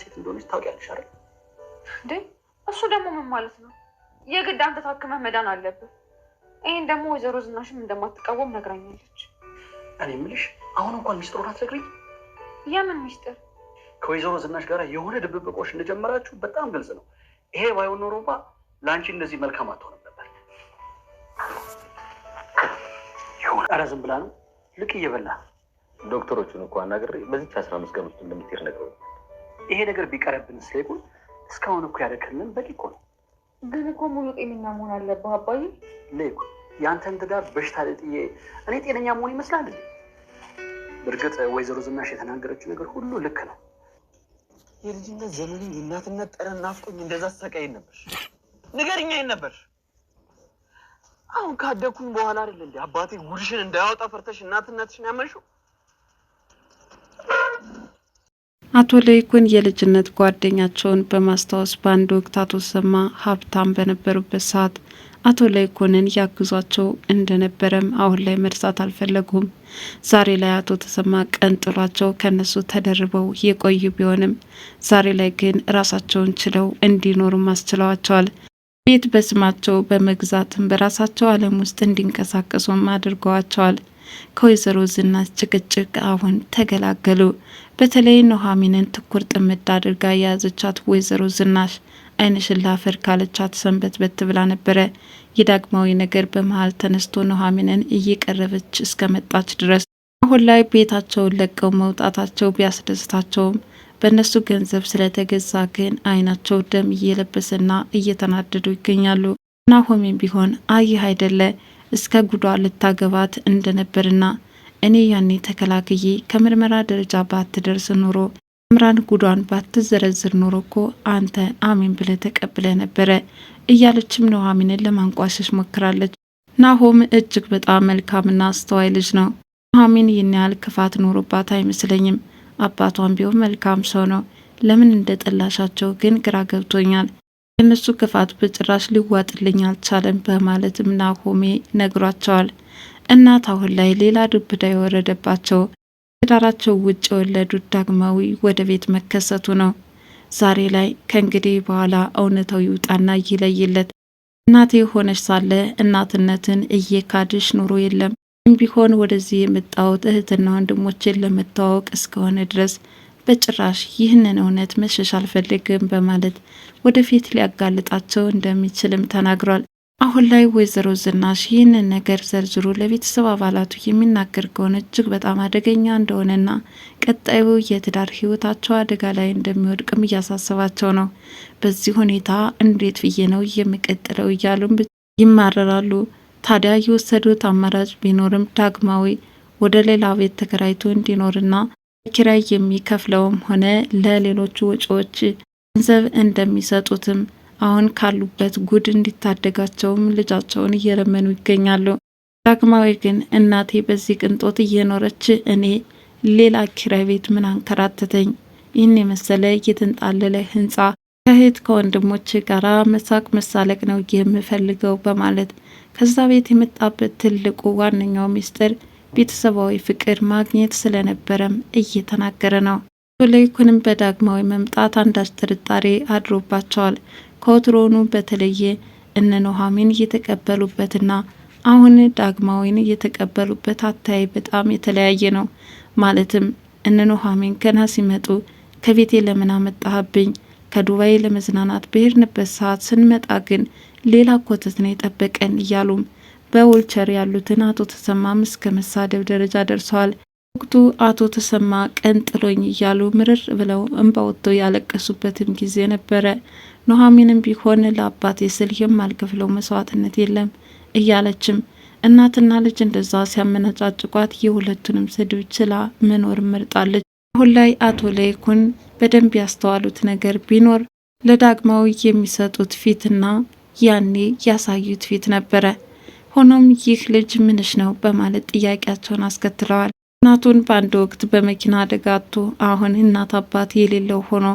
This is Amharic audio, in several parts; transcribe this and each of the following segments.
ሴት እንደሆነች ታውቂያለሽ አይደል? እንዴ እሱ ደግሞ ምን ማለት ነው? የግድ አንተ ታክመህ መዳን አለብህ። ይህን ደግሞ ወይዘሮ ዝናሽም እንደማትቃወም ነግራኛለች። እኔ የምልሽ አሁን እንኳን ሚስጥሩ አትነግሪኝ? የምን ሚስጥር? ከወይዘሮ ዝናሽ ጋር የሆነ ድብብቆሽ እንደጀመራችሁ በጣም ግልጽ ነው። ይሄ ባይሆን ኖሮማ ለአንቺ እንደዚህ መልካም አትሆንም ነበር። ኧረ ዝም ብላ ነው ልቅ እየበላ ዶክተሮቹን እኮ አናግሬ በዚች አስራ አምስት ቀን ውስጥ እንደምትሄድ ነግረውኝ ይሄ ነገር ቢቀረብን ስሌቁን እስካሁን እኮ ያደረክልን በቂ እኮ ነው። ግን እኮ ሙሉ ጤነኛ መሆን አለብህ አባዬ። ሌቁ የአንተን ትዳር በሽታ ጥዬ እኔ ጤነኛ መሆን ይመስላል። በእርግጥ ወይዘሮ ዝናሽ የተናገረችው ነገር ሁሉ ልክ ነው። የልጅነት ዘመኔ እናትነት ጠረን ናፍቆኝ እንደዛ ሰቃይን ነበር። ንገርኛ ይን ነበር። አሁን ካደኩኝ በኋላ አይደል እንዲ አባቴ ጉድሽን እንዳያወጣ ፈርተሽ እናትነትሽን ያመንሽው አቶ ለይኩን የልጅነት ጓደኛቸውን በማስታወስ በአንድ ወቅት አቶ ሰማ ሀብታም በነበሩበት ሰዓት አቶ ለይኩንን ያግዟቸው እንደነበረም አሁን ላይ መርሳት አልፈለጉም። ዛሬ ላይ አቶ ተሰማ ቀን ጥሏቸው ከነሱ ተደርበው የቆዩ ቢሆንም ዛሬ ላይ ግን ራሳቸውን ችለው እንዲኖሩም አስችለዋቸዋል። ቤት በስማቸው በመግዛትም በራሳቸው ዓለም ውስጥ እንዲንቀሳቀሱም አድርገዋቸዋል። ከወይዘሮ ዝናሽ ጭቅጭቅ አሁን ተገላገሉ። በተለይ ኑሐሚንን ትኩር ጥምድ አድርጋ የያዘቻት ወይዘሮ ዝናሽ ዓይንሽን ላፈር ካለቻት ሰንበት በት ብላ ነበረ። የዳግማዊ ነገር በመሀል ተነስቶ ኑሐሚንን እየቀረበች እስከ መጣች ድረስ አሁን ላይ ቤታቸውን ለቀው መውጣታቸው ቢያስደስታቸውም በእነሱ ገንዘብ ስለተገዛ ግን አይናቸው ደም እየለበሰና እየተናደዱ ይገኛሉ። ናሆሜም ቢሆን አይህ አይደለ እስከ ጉዷ ልታገባት እንደነበርና እኔ ያኔ ተከላክዬ ከምርመራ ደረጃ ባትደርስ ኑሮ እምራን ጉዷን ባትዘረዝር ኖሮ እኮ አንተ አሜን ብለ ተቀብለ ነበረ እያለችም ኑሐሚንን ለማንቋሸሽ ሞክራለች። ናሆም እጅግ በጣም መልካምና አስተዋይ ልጅ ነው። ኑሐሚን ይህን ያህል ክፋት ኖሮባት አይመስለኝም። አባቷን ቢሆን መልካም ሰው ነው። ለምን እንደ ጠላሻቸው ግን ግራ ገብቶኛል። የእነሱ ክፋት በጭራሽ ሊዋጥልኝ አልቻለም በማለትም ናሆሜ ነግሯቸዋል። እናት አሁን ላይ ሌላ ዱብዳ የወረደባቸው ከዳራቸው ውጭ የወለዱት ዳግማዊ ወደ ቤት መከሰቱ ነው። ዛሬ ላይ ከእንግዲህ በኋላ እውነታው ይውጣና ይለይለት። እናቴ የሆነች ሳለ እናትነትን እየካድሽ ኑሮ የለም ቢሆን ወደዚህ የመጣሁት እህትና ወንድሞችን ለመተዋወቅ እስከሆነ ድረስ በጭራሽ ይህንን እውነት መሸሽ አልፈልግም በማለት ወደፊት ሊያጋልጣቸው እንደሚችልም ተናግሯል። አሁን ላይ ወይዘሮ ዝናሽ ይህንን ነገር ዘርዝሮ ለቤተሰብ አባላቱ የሚናገር ከሆነ እጅግ በጣም አደገኛ እንደሆነና ቀጣዩ የትዳር ሕይወታቸው አደጋ ላይ እንደሚወድቅም እያሳሰባቸው ነው። በዚህ ሁኔታ እንዴት ብዬ ነው የምቀጥለው እያሉም ይማረራሉ። ታዲያ የወሰዱት አማራጭ ቢኖርም ዳግማዊ ወደ ሌላ ቤት ተከራይቶ እንዲኖርና ኪራይ የሚከፍለውም ሆነ ለሌሎቹ ወጪዎች ገንዘብ እንደሚሰጡትም አሁን ካሉበት ጉድ እንዲታደጋቸውም ልጃቸውን እየለመኑ ይገኛሉ። ዳግማዊ ግን እናቴ በዚህ ቅንጦት እየኖረች እኔ ሌላ ኪራይ ቤት ምን አንከራተተኝ? ይህን የመሰለ የተንጣለለ ህንፃ ከእህት ከወንድሞች ጋራ መሳቅ መሳለቅ ነው የምፈልገው በማለት ከዛ ቤት የመጣበት ትልቁ ዋነኛው ሚስጥር ቤተሰባዊ ፍቅር ማግኘት ስለነበረም እየተናገረ ነው። ለይኩንም በዳግማዊ መምጣት አንዳች ጥርጣሬ አድሮባቸዋል። ከወትሮኑ በተለየ እነ ኑሐሚን እየተቀበሉበትና አሁን ዳግማዊን እየተቀበሉበት አታይ በጣም የተለያየ ነው። ማለትም እነ ኑሐሚን ገና ሲመጡ ከቤቴ ለምን አመጣህብኝ? ከዱባይ ለመዝናናት ብሄርንበት ሰዓት ስንመጣ ግን ሌላ ኮተት ነው የጠበቀን እያሉም በውልቸር ያሉትን አቶ ተሰማም እስከ መሳደብ ደረጃ ደርሰዋል። ወቅቱ አቶ ተሰማ ቀን ጥሎኝ እያሉ ምርር ብለው እንባ ወጥተው ያለቀሱበትም ጊዜ ነበረ። ኑሐሚንም ቢሆን ለአባቴ ስል የማልከፍለው መስዋዕትነት የለም እያለችም እናትና ልጅ እንደዛ ሲያመነጫጭቋት የሁለቱንም ስድብ ችላ መኖር መርጣለች። አሁን ላይ አቶ ለይኩን በደንብ ያስተዋሉት ነገር ቢኖር ለዳግማዊ የሚሰጡት ፊትና ያኔ ያሳዩት ፊት ነበረ። ሆኖም ይህ ልጅ ምንሽ ነው በማለት ጥያቄያቸውን አስከትለዋል። እናቱን በአንድ ወቅት በመኪና አደጋ አጥቶ አሁን እናት አባት የሌለው ሆኖ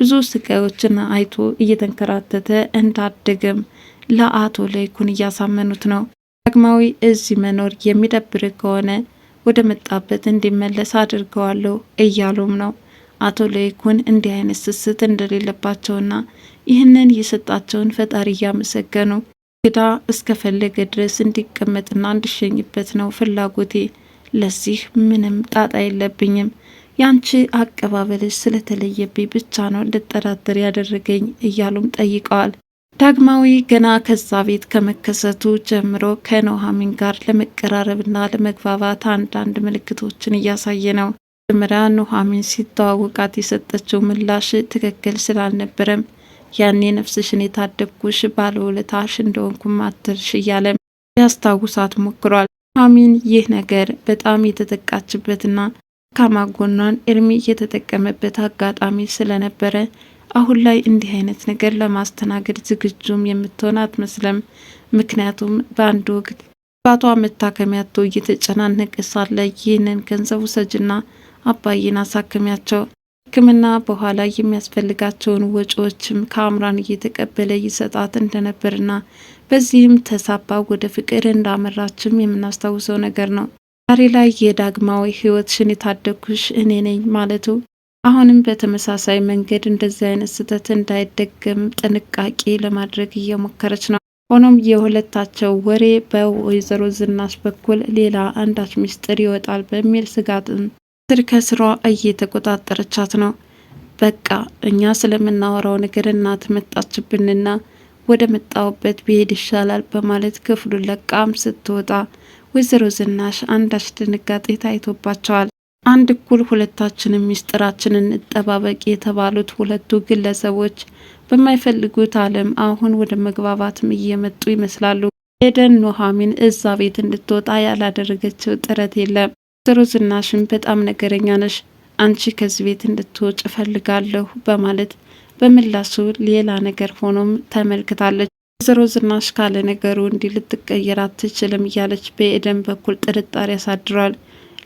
ብዙ ስቃዮችን አይቶ እየተንከራተተ እንዳደገም ለአቶ ለይኩን እያሳመኑት ነው። ዳግማዊ እዚህ መኖር የሚደብር ከሆነ ወደ መጣበት እንዲመለስ አድርገዋለሁ እያሉም ነው። አቶ ለይኩን እንዲህ አይነት ስስት እንደሌለባቸውና ይህንን የሰጣቸውን ፈጣሪ እያመሰገኑ እንግዳ እስከፈለገ ድረስ እንዲቀመጥና እንድሸኝበት ነው ፍላጎቴ። ለዚህ ምንም ጣጣ የለብኝም። ያንቺ አቀባበልሽ ስለተለየብኝ ብቻ ነው እንድጠራጠር ያደረገኝ እያሉም ጠይቀዋል። ዳግማዊ ገና ከዛ ቤት ከመከሰቱ ጀምሮ ከኑሐሚን ጋር ለመቀራረብና ለመግባባት አንዳንድ ምልክቶችን እያሳየ ነው። መጀመሪያ ኑሐሚን ሲተዋወቃት የሰጠችው ምላሽ ትክክል ስላልነበረም ያኔ ነፍስሽን የታደግኩሽ ባለውለታሽ እንደሆንኩም አትርሽ እያለ ያስታውሳት ሞክሯል። ኑሐሚን ይህ ነገር በጣም የተጠቃችበትና ካማ ጎኗን የተጠቀመበት አጋጣሚ ስለነበረ አሁን ላይ እንዲህ አይነት ነገር ለማስተናገድ ዝግጁም የምትሆን አትመስለም። ምክንያቱም በአንድ ወቅት አባቷ መታከሚያ አጥቶ እየተጨናነቀ ሳለ ይህንን ገንዘብ ውሰጅና አባዬን አሳክሚያቸው ሕክምና በኋላ የሚያስፈልጋቸውን ወጪዎችም ከአምራን እየተቀበለ ይሰጣት እንደነበርና በዚህም ተሳባ ወደ ፍቅር እንዳመራችም የምናስታውሰው ነገር ነው። ዛሬ ላይ የዳግማዊ ሕይወትሽን የታደግኩሽ እኔ ነኝ ማለቱ አሁንም በተመሳሳይ መንገድ እንደዚህ አይነት ስህተት እንዳይደገም ጥንቃቄ ለማድረግ እየሞከረች ነው። ሆኖም የሁለታቸው ወሬ በወይዘሮ ዝናሽ በኩል ሌላ አንዳች ምስጢር ይወጣል በሚል ስጋትም ትር ከስሯ እየተቆጣጠረቻት ነው። በቃ እኛ ስለምናወራው ነገር እናት መጣችብንና ወደ መጣውበት ብሄድ ይሻላል በማለት ክፍሉን ለቃም ስትወጣ ወይዘሮ ዝናሽ አንዳች ድንጋጤ ታይቶባቸዋል። አንድ እኩል ሁለታችን ሚስጥራችንን እንጠባበቅ የተባሉት ሁለቱ ግለሰቦች በማይፈልጉት ዓለም አሁን ወደ መግባባትም እየመጡ ይመስላሉ። ኤደን ኑሐሚን እዛ ቤት እንድትወጣ ያላደረገችው ጥረት የለም። ወይዘሮ ዝናሽን በጣም ነገረኛ ነሽ፣ አንቺ ከዚህ ቤት እንድትወጭ እፈልጋለሁ በማለት በምላሱ ሌላ ነገር ሆኖም ተመልክታለች። ወይዘሮ ዝናሽ ካለ ነገሩ እንዲህ ልትቀየር አትችልም እያለች በኤደን በኩል ጥርጣሬ ያሳድሯል።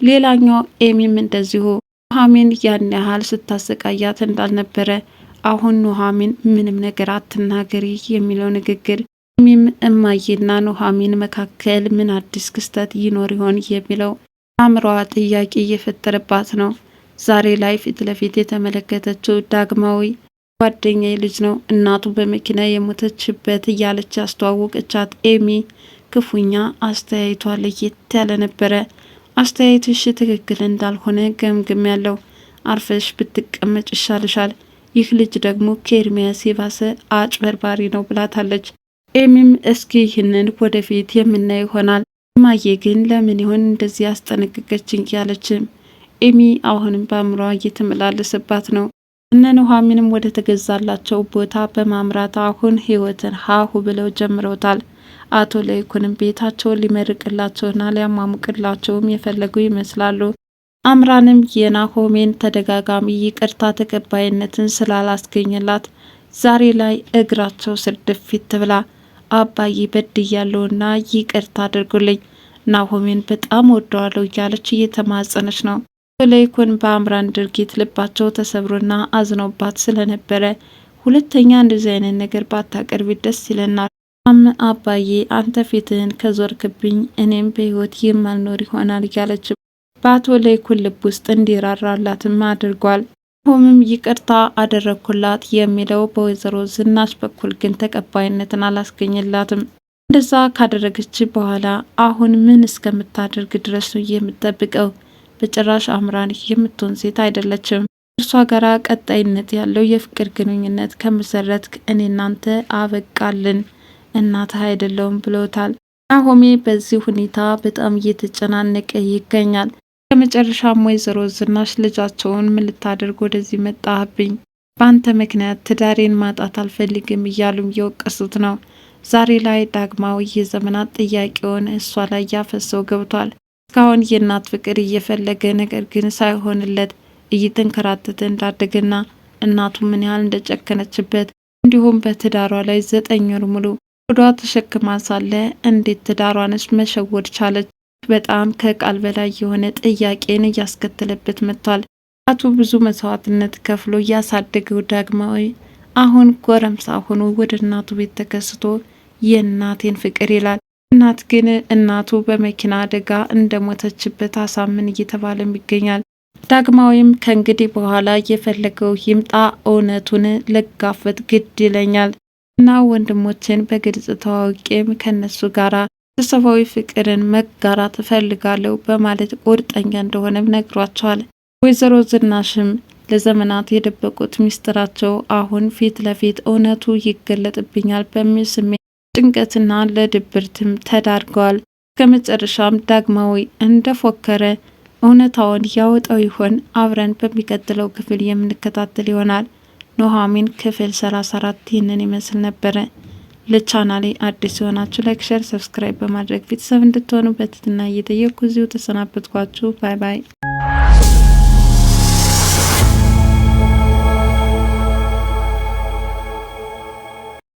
ሌላኛው ኤሚም እንደዚሁ ኑሐሚን ያን ያህል ስታሰቃያት እንዳልነበረ አሁን ኑሐሚን ምንም ነገር አትናገሪ የሚለው ንግግር ኤሚም እማዬና ኑሐሚን መካከል ምን አዲስ ክስተት ይኖር ይሆን የሚለው አእምሯ ጥያቄ እየፈጠረባት ነው። ዛሬ ላይ ፊት ለፊት የተመለከተችው ዳግማዊ ጓደኛ ልጅ ነው እናቱ በመኪና የሞተችበት እያለች ያስተዋወቀቻት ኤሚ ክፉኛ አስተያየቷ ለየት ያለ ነበረ። አስተያየትሽ ትክክል እንዳልሆነ ገምግም ያለው አርፈሽ ብትቀመጭ ይሻልሻል። ይህ ልጅ ደግሞ ከኤርሚያስ የባሰ አጭበርባሪ ነው ብላታለች። ኤሚም እስኪ ይህንን ወደፊት የምናየው ይሆናል እማዬ ግን ለምን ይሆን እንደዚህ ያስጠነቅቀችኝ ያለችም ኤሚ አሁንም በአእምሯ እየተመላለሰባት ነው። እነ ኑሐሚንም ወደ ተገዛላቸው ቦታ በማምራት አሁን ህይወትን ሀሁ ብለው ጀምረውታል። አቶ ለይኩንም ቤታቸውን ሊመርቅላቸውና ሊያሟሙቅላቸውም የፈለጉ ይመስላሉ። አምራንም የናሆሜን ተደጋጋሚ ይቅርታ ተቀባይነትን ስላላስገኝላት ዛሬ ላይ እግራቸው ስር ድፊት ብላ አባዬ በድያለሁና ይቅርታ አድርጉልኝ ናሆሜን በጣም ወደዋለሁ እያለች እየተማጸነች ነው። ለይኩን በአምራን ድርጊት ልባቸው ተሰብሮና አዝኖባት ስለነበረ ሁለተኛ እንደዚህ አይነት ነገር ባታቀርቢ ደስ ይለናል። አም አባዬ አንተ ፊትህን ከዞርክብኝ እኔም በህይወት የማልኖር ይሆናል እያለች በአቶ ለይኩን ልብ ውስጥ እንዲራራላትም አድርጓል። ሆምም ይቅርታ አደረግኩላት የሚለው በወይዘሮ ዝናሽ በኩል ግን ተቀባይነትን አላስገኝላትም። እንደዛ ካደረገች በኋላ አሁን ምን እስከምታደርግ ድረስ ነው የምጠብቀው? በጭራሽ አምራን የምትሆን ሴት አይደለችም። እርሷ ጋር ቀጣይነት ያለው የፍቅር ግንኙነት ከመሰረት እኔ እናንተ አበቃልን፣ እናት አይደለውም ብለውታል። ናሆሜ በዚህ ሁኔታ በጣም እየተጨናነቀ ይገኛል። ከመጨረሻም ወይዘሮ ዝናሽ ልጃቸውን ምን ልታደርግ ወደዚህ መጣህብኝ? በአንተ ምክንያት ትዳሬን ማጣት አልፈልግም እያሉም እየወቀሱት ነው። ዛሬ ላይ ዳግማዊ የዘመናት ጥያቄውን እሷ ላይ ያፈሰው ገብቷል። እስካሁን የእናት ፍቅር እየፈለገ ነገር ግን ሳይሆንለት እየተንከራተተ እንዳደገና እናቱ ምን ያህል እንደጨከነችበት እንዲሁም በትዳሯ ላይ ዘጠኝ ወር ሙሉ ወዷ ተሸክማ ሳለ እንዴት ትዳሯንስ መሸወድ ቻለች? በጣም ከቃል በላይ የሆነ ጥያቄን እያስከተለበት መጥቷል። አቶ ብዙ መስዋዕትነት ከፍሎ እያሳደገው ዳግማዊ አሁን ጎረምሳ ሆኖ ወደ እናቱ ቤት ተከስቶ የእናቴን ፍቅር ይላል። እናት ግን እናቱ በመኪና አደጋ እንደሞተችበት አሳምን እየተባለም ይገኛል። ዳግማዊም ከእንግዲህ በኋላ የፈለገው ይምጣ እውነቱን ልጋፈጥ ግድ ይለኛል እና ወንድሞችን በግልጽ ተዋውቄም ከነሱ ጋር ቤተሰባዊ ፍቅርን መጋራት እፈልጋለሁ በማለት ቁርጠኛ እንደሆነም ነግሯቸዋል። ወይዘሮ ዝናሽም ለዘመናት የደበቁት ሚስጥራቸው አሁን ፊት ለፊት እውነቱ ይገለጥብኛል በሚል ስሜት ጭንቀትና ለድብርትም ተዳርገዋል። ከመጨረሻም ዳግማዊ እንደፎከረ እውነታውን ያወጣው ይሆን? አብረን በሚቀጥለው ክፍል የምንከታተል ይሆናል። ኑሐሚን ክፍል 34 ይህንን ይመስል ነበረ። ለቻናሌ አዲስ የሆናችሁ ላይክ፣ ሸር፣ ሰብስክራይብ በማድረግ ቤተሰብ እንድትሆኑ በትህትና እየጠየቅኩ እዚሁ ተሰናበትኳችሁ። ባይ ባይ።